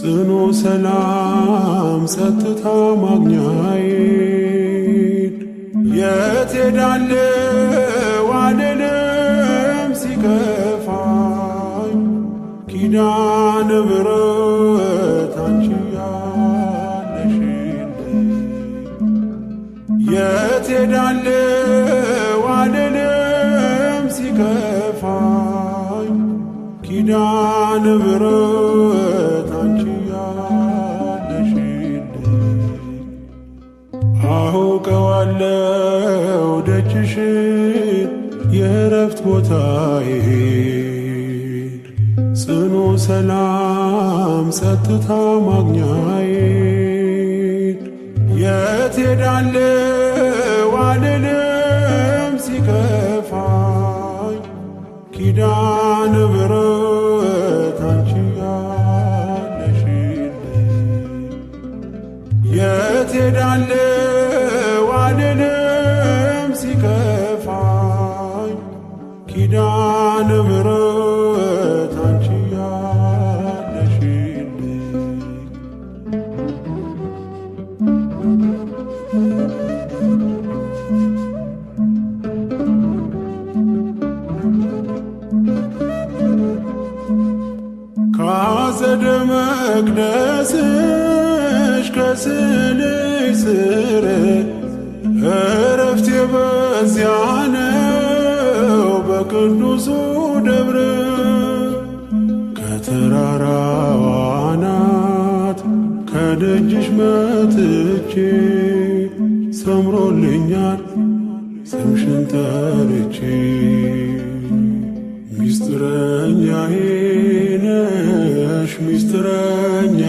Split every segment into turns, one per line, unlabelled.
ጽኑ ሰላም ጸጥታ ማግኛዬን የት ሄዳለሁ አልልም ሲከፋኝ ኪዳነ ምሕረት አንቺ ያለሽልኝ የት ሄዳለሁ ሲከፋኝ ኪዳነ ምሕረት አለው ደጅሽ የእረፍት ቦታዬ ጽኑ ሰላም ጸጥታ ማግኛዬ የት ሄዳለው አልልም ሲከፋኝ ኪዳነ ምሕረት ከስንኝ ስር እረፍቴ በዚያ ነው በቅዱሱ ደብረ ከተራራው አናት ከደጅሽ መጥቼ ሰምሮልኛል ስምሽን ጠርቼ ሚስጥረኛዬ ነሽ ሚስጥረኛዬ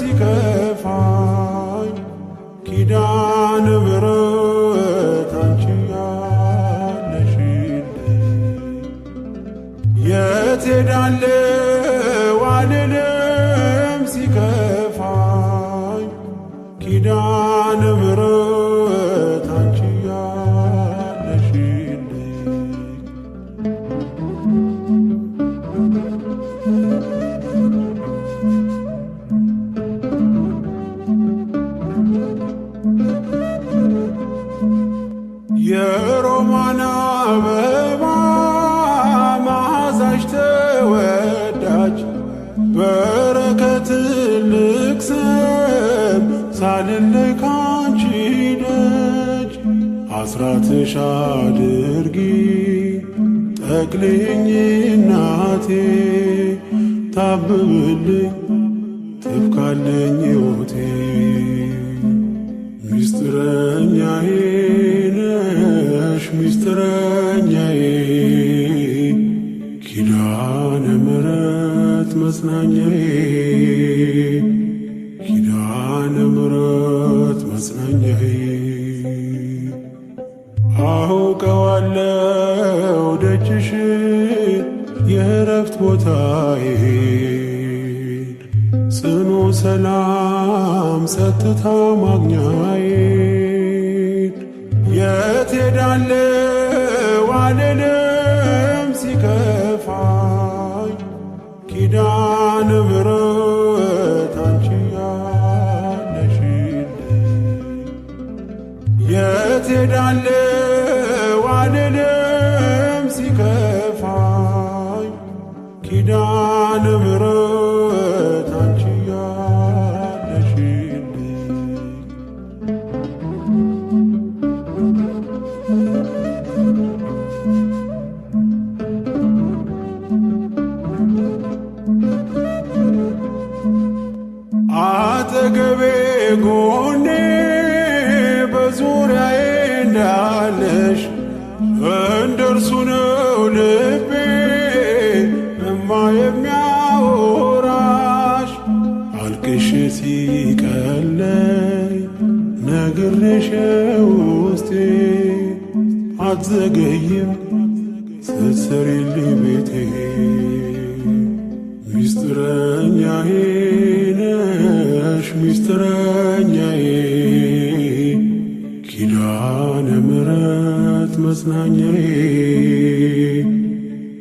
ሲከፋኝ ኪዳነ ምሕረት አንቺ ያለሽልኝ የት ሲከፋኝ ኪዳነ ምሕረት ልብሽ አድርጊ ጠቅልኝ እናቴ ታብብልኝ ትብካለኝ ወቴ ሚስጥረኛዬ ነሽ ሚስጥረኛዬ ኪዳነ ምሕረት መጽናኛዬ ኪዳነ ምሕረት መጽናኛዬ አውቀዋለው ደጅሽ የእረፍት ቦታዬ ጽኑ ሰላም ጸጥታ ማግኛዬ የት ሄዳለው አልልም ሲከፋኝ ኪዳነ ምሕረት አንቺ የት ሄዳለው girl. አትዘገይም ስትሰሪልኝ ቤቴ ሚስጥረኛዬ ነሽ ሚስጥረኛዬ ኪዳነ ምሕረት መጽናኛዬ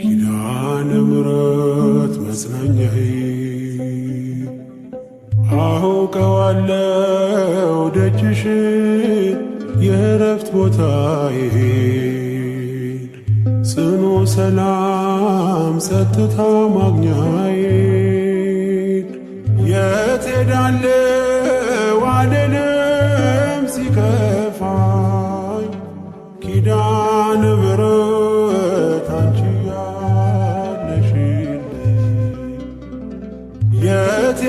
ኪዳነ ምሕረት መጽናኛዬ አውቀዋለው ደጅሽ የእረፍት ቦታዬ ጽኑ ሰላም ጸጥታ ማግኛዬ የት ሄዳለሁ አልልም ሲከፋኝ ኪዳነ ምሕረት አንቺ የት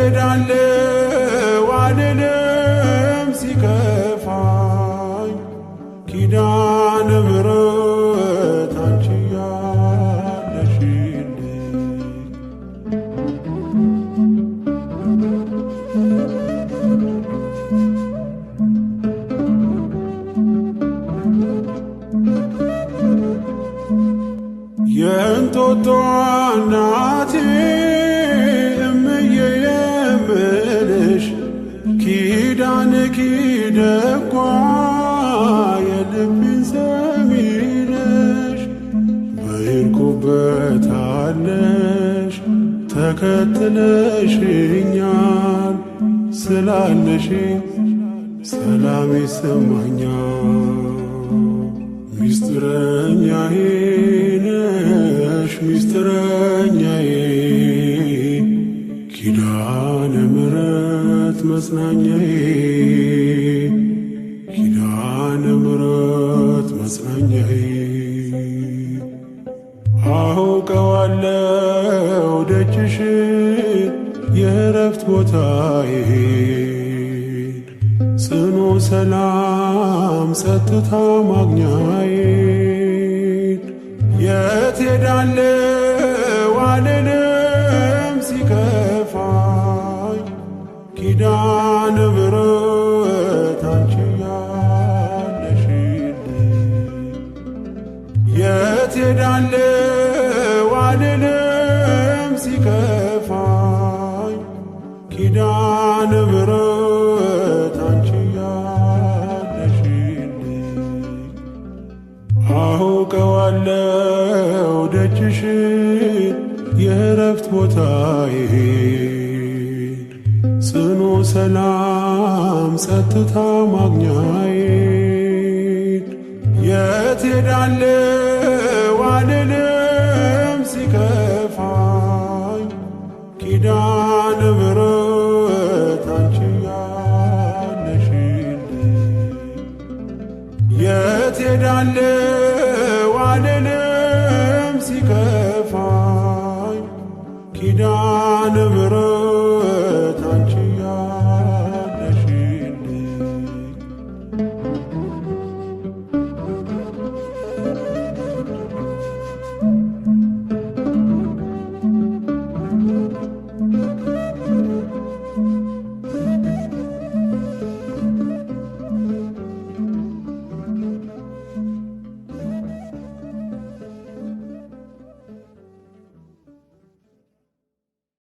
እስኪ ደኳ የልቤን ሰሚ ነሽ በሄድኩበት አለሽ ተከትለሽኛል ስላለሽ ሰላም ይሰማኛል። ሚስጥረኛዬ ነሽ ሚስጥረኛዬ ኪዳነ ምሕረት መጽናኛዬ አውቀዋለው ደጅሽ የእረፍት ቦታዬ ጽኑ ሰላም ጸጥታ ማግኛዬ የት ሄዳለ አልልም ሲከፋኝ ኪዳነ ምሕረት ንብረት አንቺ ያለሽልኝ አውቀዋለው ደጅሽን የእረፍት ቦታዬን ጽኑ ሰላም ጸጥታ ማግኛዬን የት ሄዳለው አልልም እሄዳለሁ አልልም ሲቀር